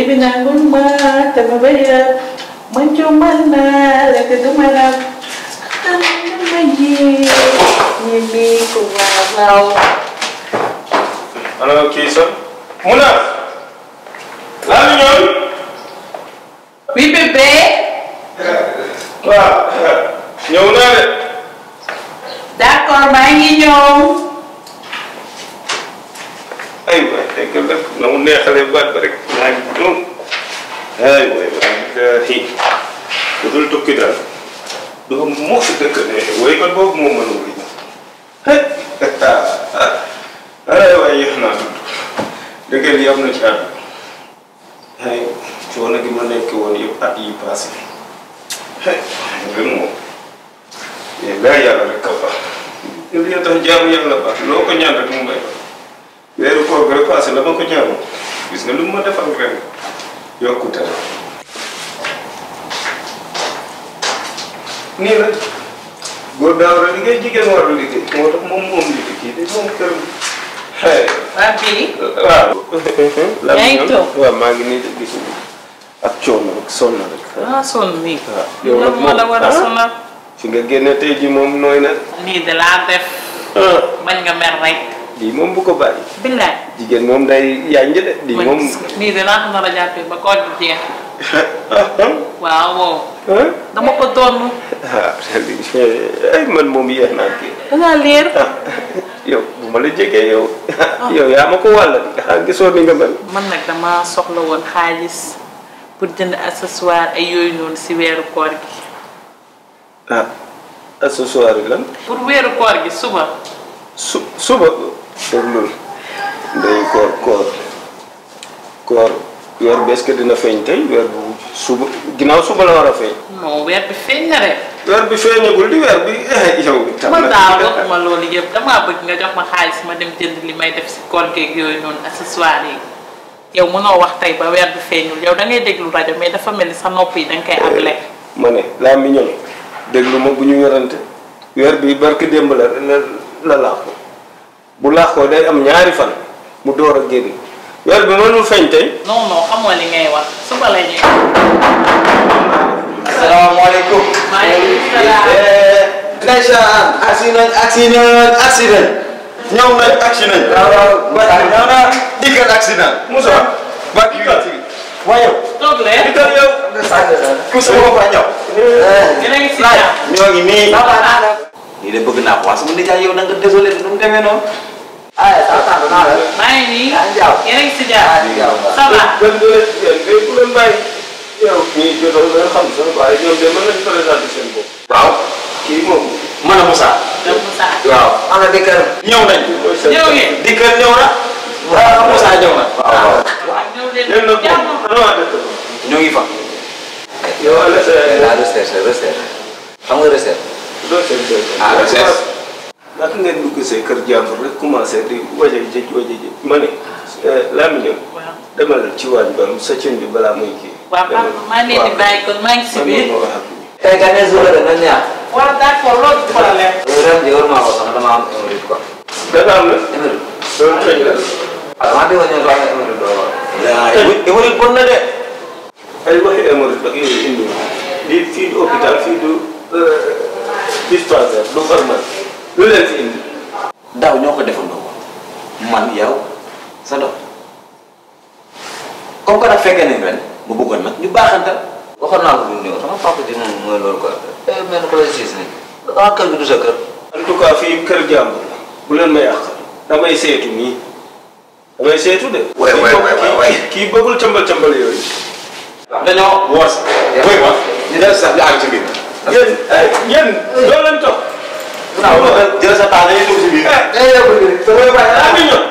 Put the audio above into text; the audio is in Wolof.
Ibinangumba tamabaya Manchumana lakadumara Tanamayi Nimi kumalaw Ano kisa? Muna! Lami nyon! Bibebe! Wa! Nyona! Dakor bangi nyong! fekk nag na mu neexalee baat ba rek naaj moom ay way wallahi bu dul tukki daal doo mos dëkk ne way kon boobu moo mën wëy ay waay yéex naa tudd dëggal yam na ci àdduna ay coono gi ma nekk woon yëpp at yi passé ngën moom laa yàlla rek ka baax li tax jaamu yàlla baax loo ko ñaan rek mu may baax weeru koor bi rek passé la ma ko ñaanu gis nga lu ma defal ren yokkute la ah? nii la góor daa war a liggéey jigéen war a liggéey moo tax moom moom liggéey kii de moom kër waa bii waaw waaw maa ngi nii de gis ak coono sonn rek ah sonn nii yow la war a fi nga tey ji moom nooy na lii de laa def bañ nga mer rek di mom bu ko bàyyi. billaay jigéen mom day yaañ de di mom ni de laa ko na a jappé ba ko di jeex. waaw. mo dama ko doon. ay man mom yéex na ki da ngaa leer. yo bu ma la jégué yo yo ya ma ko wàll gisoo ni nga mel. man nak dama soxla won xaliss pour jënd accessoire ay yoy non ci wéru koor gi. ah accessoire lan. pour wéru koor gi suba. suba. déglul day koor koor koor weer bi est-ce que dina feeñ tey weer bu suba ginnaaw suba la war a feeñ. non weer bi feeñ na rek. weer bi feeñagul di weer bi eh, yow. tam la daal waxuma loolu yëpp damaa bëgg nga jox ma xaalis ma dem jënd li may def si koor geeg yooyu noonu accessoire yi yow mënoo wax tey ba weer bi feeñul yow da ngay déglu rajo mais dafa mel ni sa nopp yi da nga koy eh, ablé. ma ne laa mi ñëw déglu ma bu ñu werante weer bi barke démb la la la laaxu. bu ko day am ñaari fan mu door ak génn weer bi mënul feeñ tay non non xamoo li ngay wax suba la ñuy. asalaamaaleykum. maaleykum accident eh, ndeysaan agsi nañ agsi nañ agsi nañ. ñëw waaw ba ñëw naa dikkal agsi nañ. Moussa tok le waaye yow. toog leen dikkal ku eh. si woo fa ñëw. gën ngi ñoo ngi de bëgg sama yow na nga désolé Eh, salah benar. Main ni. Anjau. Ini saja. Anjau. Salah. Benda yang kau pun main. Ya, ni jodoh dah hamsa. Baik, yang dia mana kita ada di sini. Wow. Kimo. Mana Musa? Musa. Wow. Mana dekat? Nyaw ni. Nyaw ni. Dekat nyaw lah. Wow. Musa nyaw lah. Wow. Yang nak. Kalau ada tu. Nyaw Ifa. Yo, ada saya. Ada saya, ada saya. Kamu ada saya. Ada saya. Ada saya. ndax ngeen dugg see kër jàmbur rek commencé di waje jëj waje jëj ma ne ñëw demal ci waañ ba sa cin bi balaa muy kii waaw papa maa ngi di bàyyi kon maa ngi si biir tey nga ne suba dana ñaar waaw d' accord loolu problème yow di war ko sax dama am émérite quoi dana am la émérite loolu la ah maa déggoon ñoom baax na émérite doo war bon na de ay waxi émérite ak yooyu indi lii fii hôpital fii du dispensaire du pharmacie lu leen fi ñoo ko defandoo man yow sa doom comme que nag fekkee nañ ren mu bëggoon nag ñu baaxantal waxoon naa ko bu ñëw sama papa ji moom mooy loolu quoi eh, mel ko lay siis ni damaa kër bi du sa kër en tout cas fii kër jàmbur la bu leen may àq damay seetu nii damay seetu de kii bëggul cëmbal cëmbal yooyu dañoo ñu def sax ñu àgg ci biir yéen eh, yéen doo leen toog waaw jël sa temps dañuy dugg si biir.